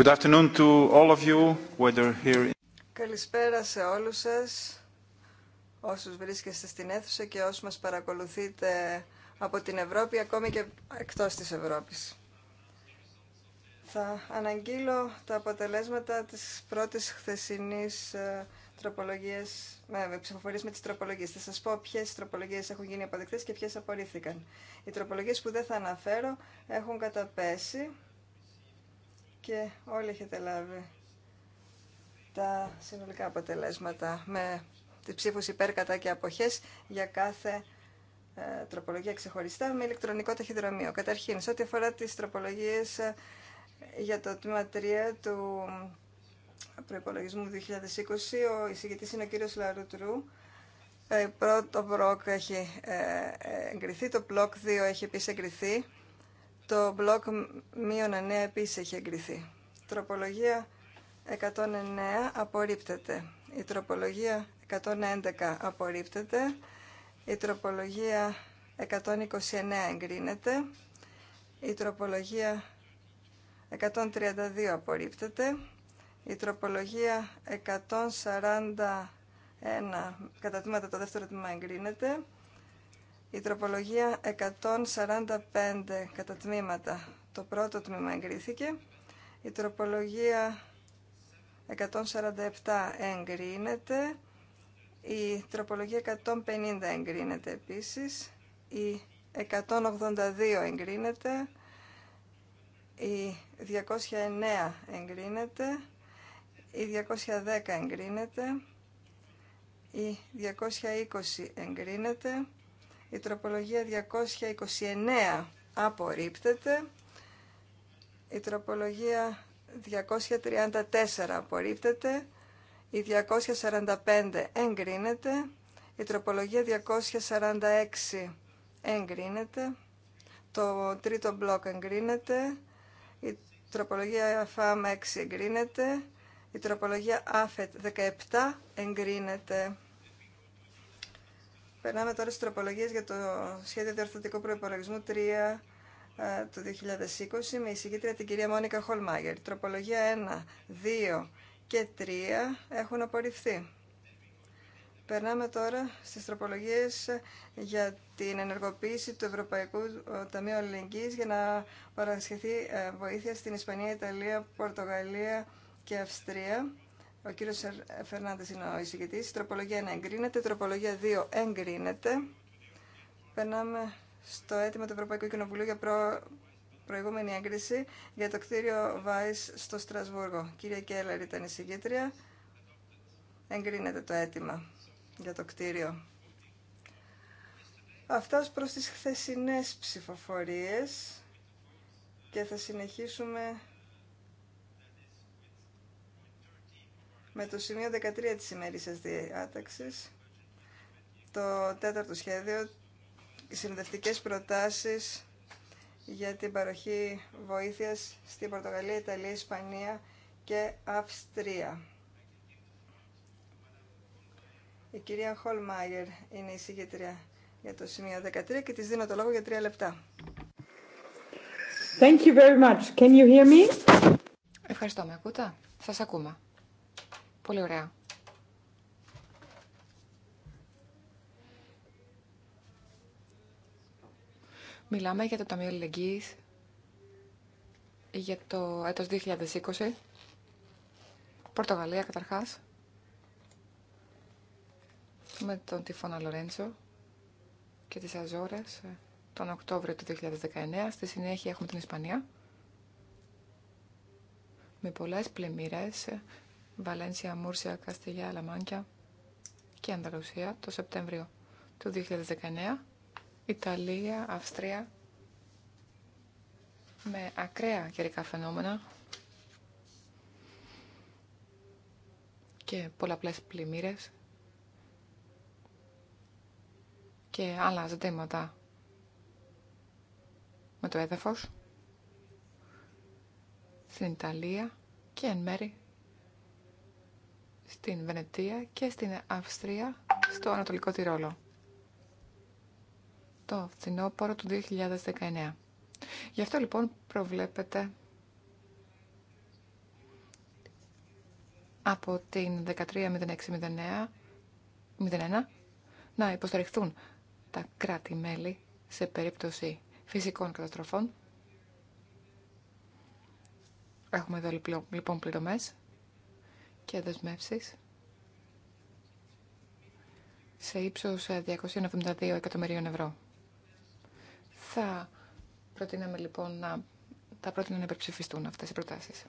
Good afternoon to all of you, whether here... Καλησπέρα σε όλους σας, όσους βρίσκεστε στην αίθουσα και όσους μας παρακολουθείτε από την Ευρώπη, ακόμη και εκτός της Ευρώπης. Θα αναγγείλω τα αποτελέσματα της πρώτης χθεσινής ε, τροπολογίας, με ψηφοφορίες με τις τροπολογίες. Θα σας πω ποιες τροπολογίες έχουν γίνει αποδεκτές και ποιες απορρίφθηκαν. Οι τροπολογίες που δεν θα αναφέρω έχουν καταπέσει και όλοι έχετε λάβει τα συνολικά αποτελέσματα με τις ψήφους υπέρ, κατά και αποχές για κάθε ε, τροπολογία ξεχωριστά με ηλεκτρονικό ταχυδρομείο. Καταρχήν, σε ό,τι αφορά τις τροπολογίες ε, για το τμήμα 3 του προϋπολογισμού 2020, ο εισηγητής είναι ο κύριος Λαρουτρού. Ε, πρώτο μπλοκ έχει ε, ε, εγκριθεί, το μπλοκ 2 έχει επίσης εγκριθεί το μπλοκ μείον 9 επίση έχει εγκριθεί. Τροπολογία 109 απορρίπτεται. Η τροπολογία 111 απορρίπτεται. Η τροπολογία 129 εγκρίνεται. Η τροπολογία 132 απορρίπτεται. Η τροπολογία 141 κατά τμήματα το δεύτερο τμήμα εγκρίνεται. Η τροπολογία 145 κατά τμήματα. Το πρώτο τμήμα εγκρίθηκε. Η τροπολογία 147 εγκρίνεται. Η τροπολογία 150 εγκρίνεται επίσης. Η 182 εγκρίνεται. Η 209 εγκρίνεται. Η 210 εγκρίνεται. Η 220 εγκρίνεται. Η τροπολογία 229 απορρίπτεται. Η τροπολογία 234 απορρίπτεται. Η 245 εγκρίνεται. Η τροπολογία 246 εγκρίνεται. Το τρίτο μπλοκ εγκρίνεται. Η τροπολογία ΦΑΜ 6 εγκρίνεται. Η τροπολογία ΑΦΕΤ 17 εγκρίνεται. Περνάμε τώρα στι τροπολογίε για το σχέδιο διορθωτικού Προπολογισμού 3 ε, του 2020 με εισηγήτρια την κυρία Μόνικα Χολμάγερ. Τροπολογία 1, 2 και 3 έχουν απορριφθεί. Περνάμε τώρα στις τροπολογίες για την ενεργοποίηση του Ευρωπαϊκού ε, Ταμείου Αλληλεγγύης για να παρασχεθεί ε, βοήθεια στην Ισπανία, Ιταλία, Πορτογαλία και Αυστρία ο κύριο Φερνάνδε είναι ο εισηγητή. Τροπολογία 1 εγκρίνεται. Τροπολογία 2 εγκρίνεται. Περνάμε στο αίτημα του Ευρωπαϊκού Κοινοβουλίου για προ... προηγούμενη έγκριση για το κτίριο Βάη στο Στρασβούργο. κυρία Κέλλερ ήταν εισηγήτρια. Εγκρίνεται το αίτημα για το κτίριο. Αυτά ως προς τις χθεσινές ψηφοφορίες και θα συνεχίσουμε με το σημείο 13 της ημερήσιας διάταξης, το τέταρτο σχέδιο, συνδευτικές προτάσεις για την παροχή βοήθειας στην Πορτογαλία, Ιταλία, Ισπανία και Αυστρία. Η κυρία Χολμάγερ είναι η συγγετριά για το σημείο 13 και της δίνω το λόγο για τρία λεπτά. Thank you very much. Can you hear me? Ευχαριστώ, με ακούτε. Σας ακούμε. Πολύ ωραία. Μιλάμε για το Ταμείο Αλληλεγγύης για το έτος 2020. Πορτογαλία καταρχάς. Με τον Τιφώνα Λορέντσο και τις Αζόρες ε, τον Οκτώβριο του 2019. Στη συνέχεια έχουμε την Ισπανία. Με πολλές πλημμύρες ε, Βαλένσια, Μούρσια, Καστιλιά, Αλαμάνκια και Ανταλουσία το Σεπτέμβριο του 2019, Ιταλία, Αυστρία, με ακραία καιρικά φαινόμενα και πολλαπλές πλημμύρες και άλλα ζητήματα με το έδαφος στην Ιταλία και εν μέρη στην Βενετία και στην Αυστρία στο Ανατολικό Τυρόλο. Το φθινόπωρο του 2019. Γι' αυτό λοιπόν προβλέπεται από την 13.06.01 να υποστηριχθούν τα κράτη-μέλη σε περίπτωση φυσικών καταστροφών. Έχουμε εδώ λοιπόν, λοιπόν πληρωμές και δεσμεύσει σε ύψος 272 ε, εκατομμυρίων ευρώ. Θα προτείναμε λοιπόν να τα πρότεινα να υπερψηφιστούν αυτές οι προτάσεις.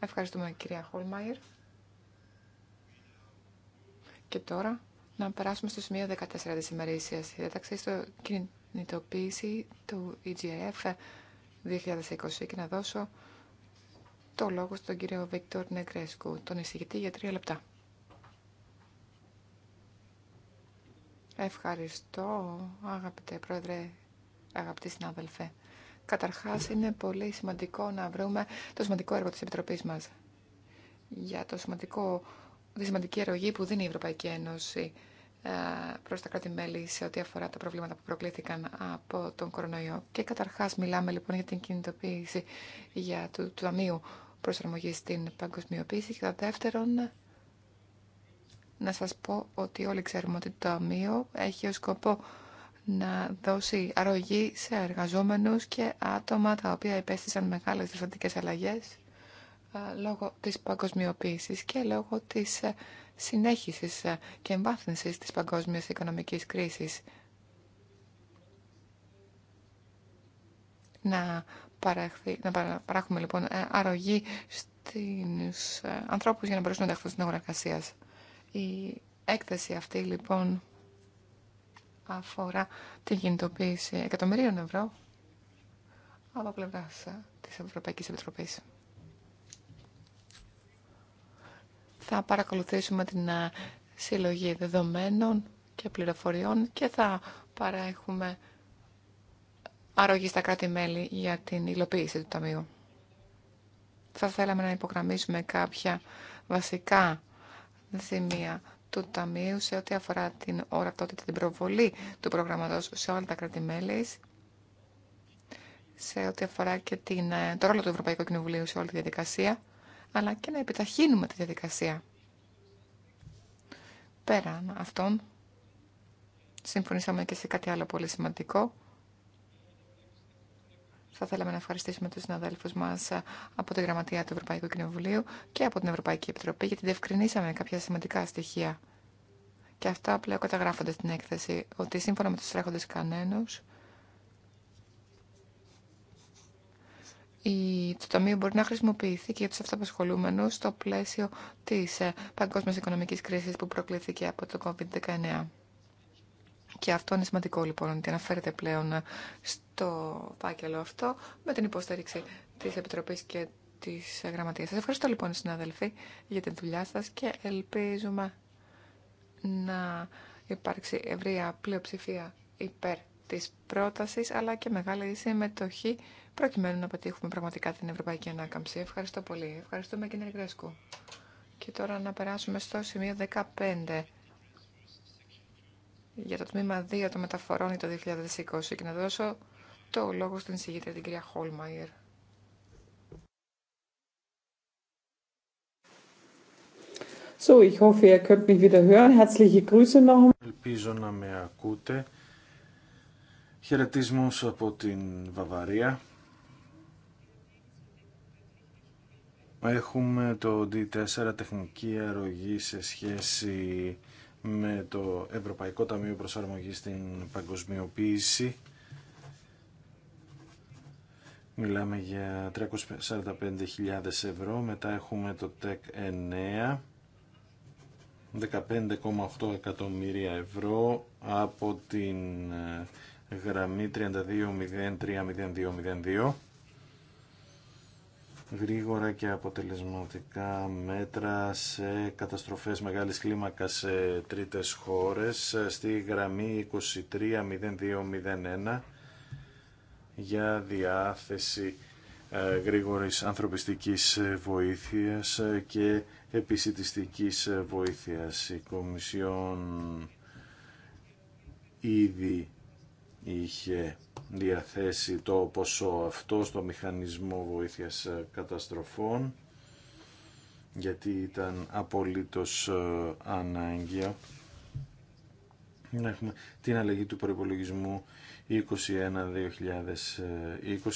Ευχαριστούμε κυρία Χολμάιρ. Και τώρα να περάσουμε στο σημείο 14 της ημερήσιας ένταξη στο κινητοποίηση του EGF 2020 και να δώσω το λόγο στον κύριο Βίκτορ Νεκρέσκου, τον εισηγητή για τρία λεπτά. Ευχαριστώ, αγαπητέ πρόεδρε, αγαπητοί συνάδελφε. Καταρχάς, είναι πολύ σημαντικό να βρούμε το σημαντικό έργο της Επιτροπής μας για το σημαντικό, τη σημαντική αρρωγή που δίνει η Ευρωπαϊκή Ένωση ε, προς τα κράτη-μέλη σε ό,τι αφορά τα προβλήματα που προκλήθηκαν από τον κορονοϊό. Και καταρχάς μιλάμε λοιπόν για την κινητοποίηση για του, του προσαρμογή στην παγκοσμιοποίηση και τα δεύτερον να σας πω ότι όλοι ξέρουμε ότι το ΑΜΙΟ έχει ως σκοπό να δώσει αρρωγή σε εργαζόμενους και άτομα τα οποία υπέστησαν μεγάλες δυστατικές αλλαγές λόγω της παγκοσμιοποίησης και λόγω της ε, συνέχισης ε, και εμβάθυνσης της παγκόσμιας οικονομικής κρίσης. Να παράχθει, να παράχουμε λοιπόν ε, αρρωγή στους ε, ανθρώπους για να μπορέσουν να ενταχθούν στην αγορά εργασία. Η έκθεση αυτή λοιπόν αφορά την κινητοποίηση εκατομμυρίων ευρώ από πλευρά ε, τη Ευρωπαϊκή Επιτροπή. Θα παρακολουθήσουμε την συλλογή δεδομένων και πληροφοριών και θα παρέχουμε αρρωγή στα κράτη-μέλη για την υλοποίηση του Ταμείου. Θα θέλαμε να υπογραμμίσουμε κάποια βασικά σημεία του Ταμείου σε ό,τι αφορά την ορατότητα, την προβολή του προγραμματός σε όλα τα κράτη-μέλη, σε ό,τι αφορά και την, ε, το ρόλο του Ευρωπαϊκού Κοινοβουλίου σε όλη τη διαδικασία, αλλά και να επιταχύνουμε τη διαδικασία. Πέραν αυτών, συμφωνήσαμε και σε κάτι άλλο πολύ σημαντικό, θα θέλαμε να ευχαριστήσουμε τους συναδέλφους μας ε, από την Γραμματεία του Ευρωπαϊκού Κοινοβουλίου και από την Ευρωπαϊκή Επιτροπή γιατί διευκρινίσαμε κάποια σημαντικά στοιχεία. Και αυτά πλέον καταγράφονται στην έκθεση ότι σύμφωνα με τους τρέχοντες κανένους το Ταμείο μπορεί να χρησιμοποιηθεί και για τους αυτοαπασχολούμενους στο πλαίσιο της ε, παγκόσμιας οικονομικής κρίσης που προκλήθηκε από το COVID-19. Και αυτό είναι σημαντικό λοιπόν ότι αναφέρεται πλέον στο φάκελο αυτό με την υποστήριξη τη Επιτροπή και τη Γραμματεία. Σα ευχαριστώ λοιπόν συναδελφοί για την δουλειά σα και ελπίζουμε να υπάρξει ευρεία πλειοψηφία υπέρ τη πρόταση, αλλά και μεγάλη συμμετοχή προκειμένου να πετύχουμε πραγματικά την ευρωπαϊκή ανάκαμψη. Ευχαριστώ πολύ. Ευχαριστούμε κύριε Γκρέσκου. Και τώρα να περάσουμε στο σημείο 15 για το τμήμα 2 των μεταφορών ή το 2020 και να δώσω το λόγο στην συγγήτρια την κυρία Χόλμαϊερ. So, ich hoffe, ihr könnt mich wieder hören. Herzliche Grüße noch. Ελπίζω να με ακούτε. Χαιρετισμούς από την Βαβαρία. Έχουμε το D4 τεχνική αρρωγή σε σχέση με το Ευρωπαϊκό Ταμείο Προσαρμογής στην Παγκοσμιοποίηση. Μιλάμε για 345.000 ευρώ. Μετά έχουμε το ΤΕΚ 9. 15,8 εκατομμύρια ευρώ από την ε, γραμμή 32030202 γρήγορα και αποτελεσματικά μέτρα σε καταστροφές μεγάλης κλίμακας σε τρίτες χώρες στη γραμμή 230201 για διάθεση ε, γρήγορης ανθρωπιστικής βοήθειας και επισητιστικής βοήθειας. Η Κομισιόν ήδη είχε διαθέσει το ποσό αυτό στο μηχανισμό βοήθειας ε, καταστροφών γιατί ήταν απολύτως ε, ανάγκη να έχουμε την αλλαγή του προϋπολογισμού 21-2020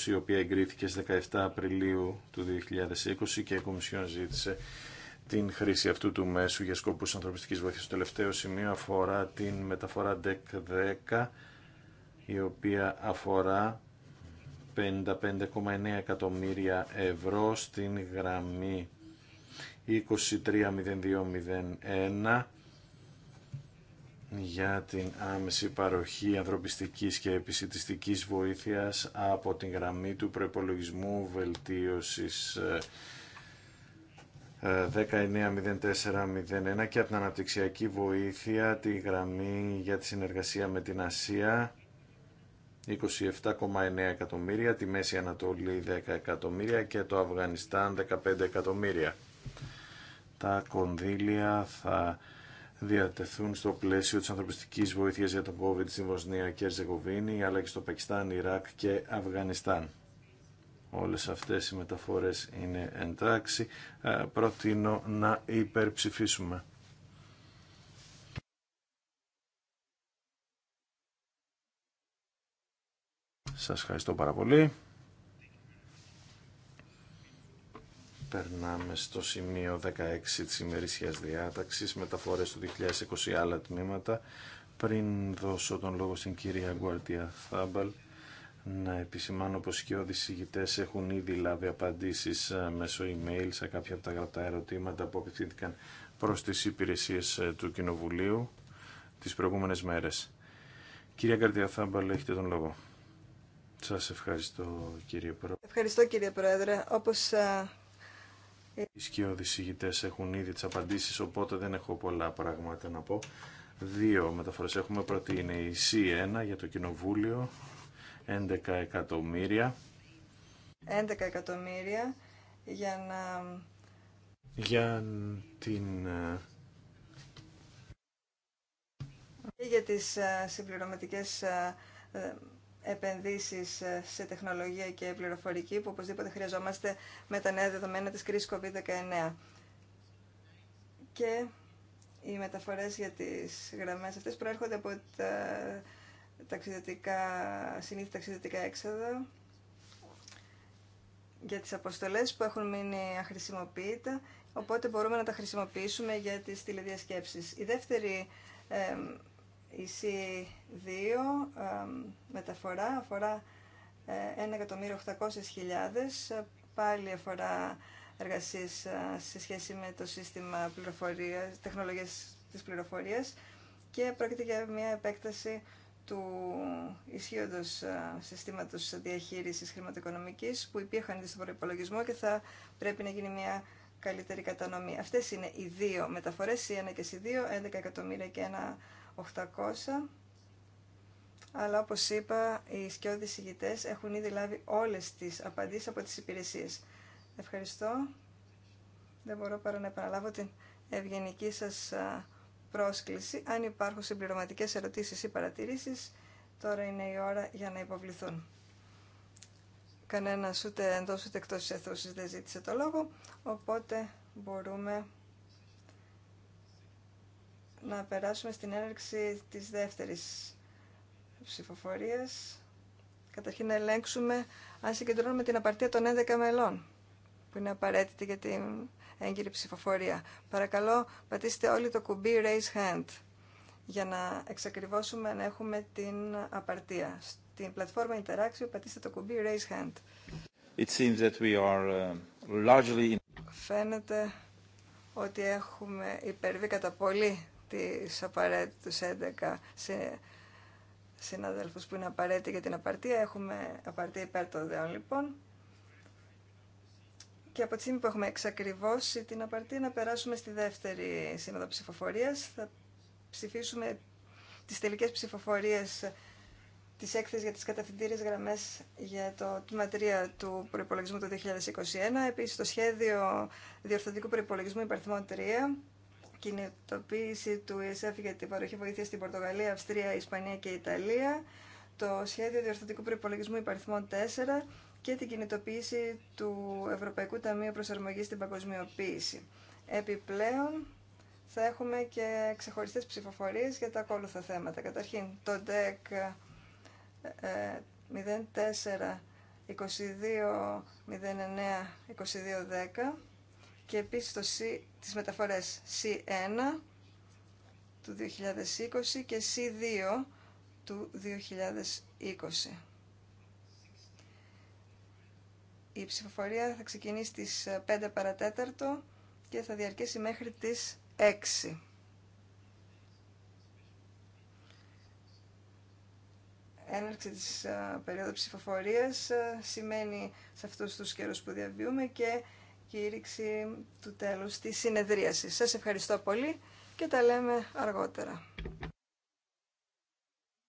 η οποία εγκρίθηκε στις 17 Απριλίου του 2020 και η Κομισιόν ζήτησε την χρήση αυτού του μέσου για σκοπούς ανθρωπιστικής βοήθειας. Το τελευταίο σημείο αφορά την μεταφορά DEC 10 η οποία αφορά 55,9 εκατομμύρια ευρώ στην γραμμή 230201 για την άμεση παροχή ανθρωπιστικής και επιστημιστική βοήθειας από την γραμμή του προϋπολογισμού βελτίωσης 190401 ε, και από την αναπτυξιακή βοήθεια τη γραμμή για τη συνεργασία με την Ασία 27,9 εκατομμύρια, τη Μέση Ανατολή 10 εκατομμύρια και το Αφγανιστάν 15 εκατομμύρια. Τα κονδύλια θα διατεθούν στο πλαίσιο της ανθρωπιστικής βοήθειας για τον COVID στην Βοσνία και Ερζεγοβίνη, αλλά και στο Πακιστάν, Ιράκ και Αφγανιστάν. Όλες αυτές οι μεταφορές είναι εντάξει. Ε, προτείνω να υπερψηφίσουμε. Σας ευχαριστώ πάρα πολύ. Περνάμε στο σημείο 16 της ημερησίας διάταξης, μεταφορές του 2020 άλλα τμήματα. Πριν δώσω τον λόγο στην κυρία Γκουαρτία Θάμπαλ, να επισημάνω πως και οι οδησηγητές έχουν ήδη λάβει απαντήσεις ε, μέσω email σε κάποια από τα γραπτά ερωτήματα που απευθύνθηκαν προς τις υπηρεσίες ε, του Κοινοβουλίου τις προηγούμενες μέρες. Κυρία Γκουαρτία Θάμπαλ, έχετε τον λόγο. Σας ευχαριστώ κύριε Πρόεδρε. Ευχαριστώ κύριε Πρόεδρε. Όπως ε- οι σκιώδεις ηγητές έχουν ήδη τις απαντήσεις, οπότε δεν έχω πολλά πράγματα να πω. Δύο μεταφορές έχουμε. Πρώτη είναι η C1 για το Κοινοβούλιο, 11 εκατομμύρια. 11 εκατομμύρια για να... Για την... Ε, Και για τις ε, συμπληρωματικές επενδύσεις σε τεχνολογία και πληροφορική που οπωσδήποτε χρειαζόμαστε με τα νέα δεδομένα της κρίσης COVID-19. Και οι μεταφορές για τις γραμμές αυτές προέρχονται από τα ταξιδιωτικά, συνήθι ταξιδιωτικά έξοδα για τις αποστολές που έχουν μείνει αχρησιμοποιητά, οπότε μπορούμε να τα χρησιμοποιήσουμε για τις τηλεδιασκέψεις. Η δεύτερη η C2 μεταφορά αφορά 1.800.000, ε, πάλι αφορά εργασίες ε, σε σχέση με το σύστημα πληροφορίας, τεχνολογίας της πληροφορίας και πρόκειται για μια επέκταση του ισχύοντος ε, συστήματος διαχείρισης χρηματοοικονομικής που υπήρχαν στο στον προπολογισμό και θα πρέπει να γίνει μια καλύτερη κατανομή. Αυτές είναι οι δύο μεταφορές, η 1 και η 2, 11 εκατομμύρια και ένα 800 αλλά όπως είπα οι σκιώδεις ηγητές έχουν ήδη λάβει όλες τις απαντήσεις από τις υπηρεσίες. Ευχαριστώ. Δεν μπορώ παρά να επαναλάβω την ευγενική σας πρόσκληση. Αν υπάρχουν συμπληρωματικές ερωτήσεις ή παρατηρήσεις, τώρα είναι η ώρα για να υποβληθούν. Κανένας ούτε εντός ούτε εκτός της δεν ζήτησε το λόγο, οπότε μπορούμε να περάσουμε στην έναρξη της δεύτερης ψηφοφορίας. Καταρχήν να ελέγξουμε αν συγκεντρώνουμε την απαρτία των 11 μελών, που είναι απαραίτητη για την έγκυρη ψηφοφορία. Παρακαλώ, πατήστε όλοι το κουμπί Raise Hand για να εξακριβώσουμε αν έχουμε την απαρτία. Στην πλατφόρμα Interaction πατήστε το κουμπί Raise Hand. It seems that we are uh, largely... Φαίνεται ότι έχουμε υπερβεί κατά πολύ τις απαραίτητους 11 σε συναδέλφους που είναι απαραίτητοι για την απαρτία. Έχουμε απαρτία υπέρ των δεών λοιπόν. Και από τη στιγμή που έχουμε εξακριβώσει την απαρτία να περάσουμε στη δεύτερη σύνοδο ψηφοφορίας. Θα ψηφίσουμε τις τελικές ψηφοφορίες τη έκθεση για τι κατευθυντήριε γραμμέ για το τμήμα 3 του προπολογισμού του 2021. Επίση, το σχέδιο διορθωτικού προπολογισμού υπαριθμών 3 κινητοποίηση του ΕΣΕΦ για την παροχή βοήθεια στην Πορτογαλία, Αυστρία, Ισπανία και Ιταλία, το σχέδιο διορθωτικού προπολογισμού υπαριθμών 4 και την κινητοποίηση του Ευρωπαϊκού Ταμείου Προσαρμογής στην Παγκοσμιοποίηση. Επιπλέον, θα έχουμε και ξεχωριστές ψηφοφορίες για τα ακόλουθα θέματα. Καταρχήν, το ΔΕΚ 04 22 09 και επίσης το C, τις μεταφορές C1 του 2020 και C2 του 2020. Η ψηφοφορία θα ξεκινήσει στις 5 παρατέταρτο και θα διαρκέσει μέχρι τις 6. Έναρξη της περίοδου ψηφοφορίας σημαίνει σε αυτούς τους καιρούς που διαβιούμε και κήρυξη του τέλους της συνεδρίασης. Σας ευχαριστώ πολύ και τα λέμε αργότερα.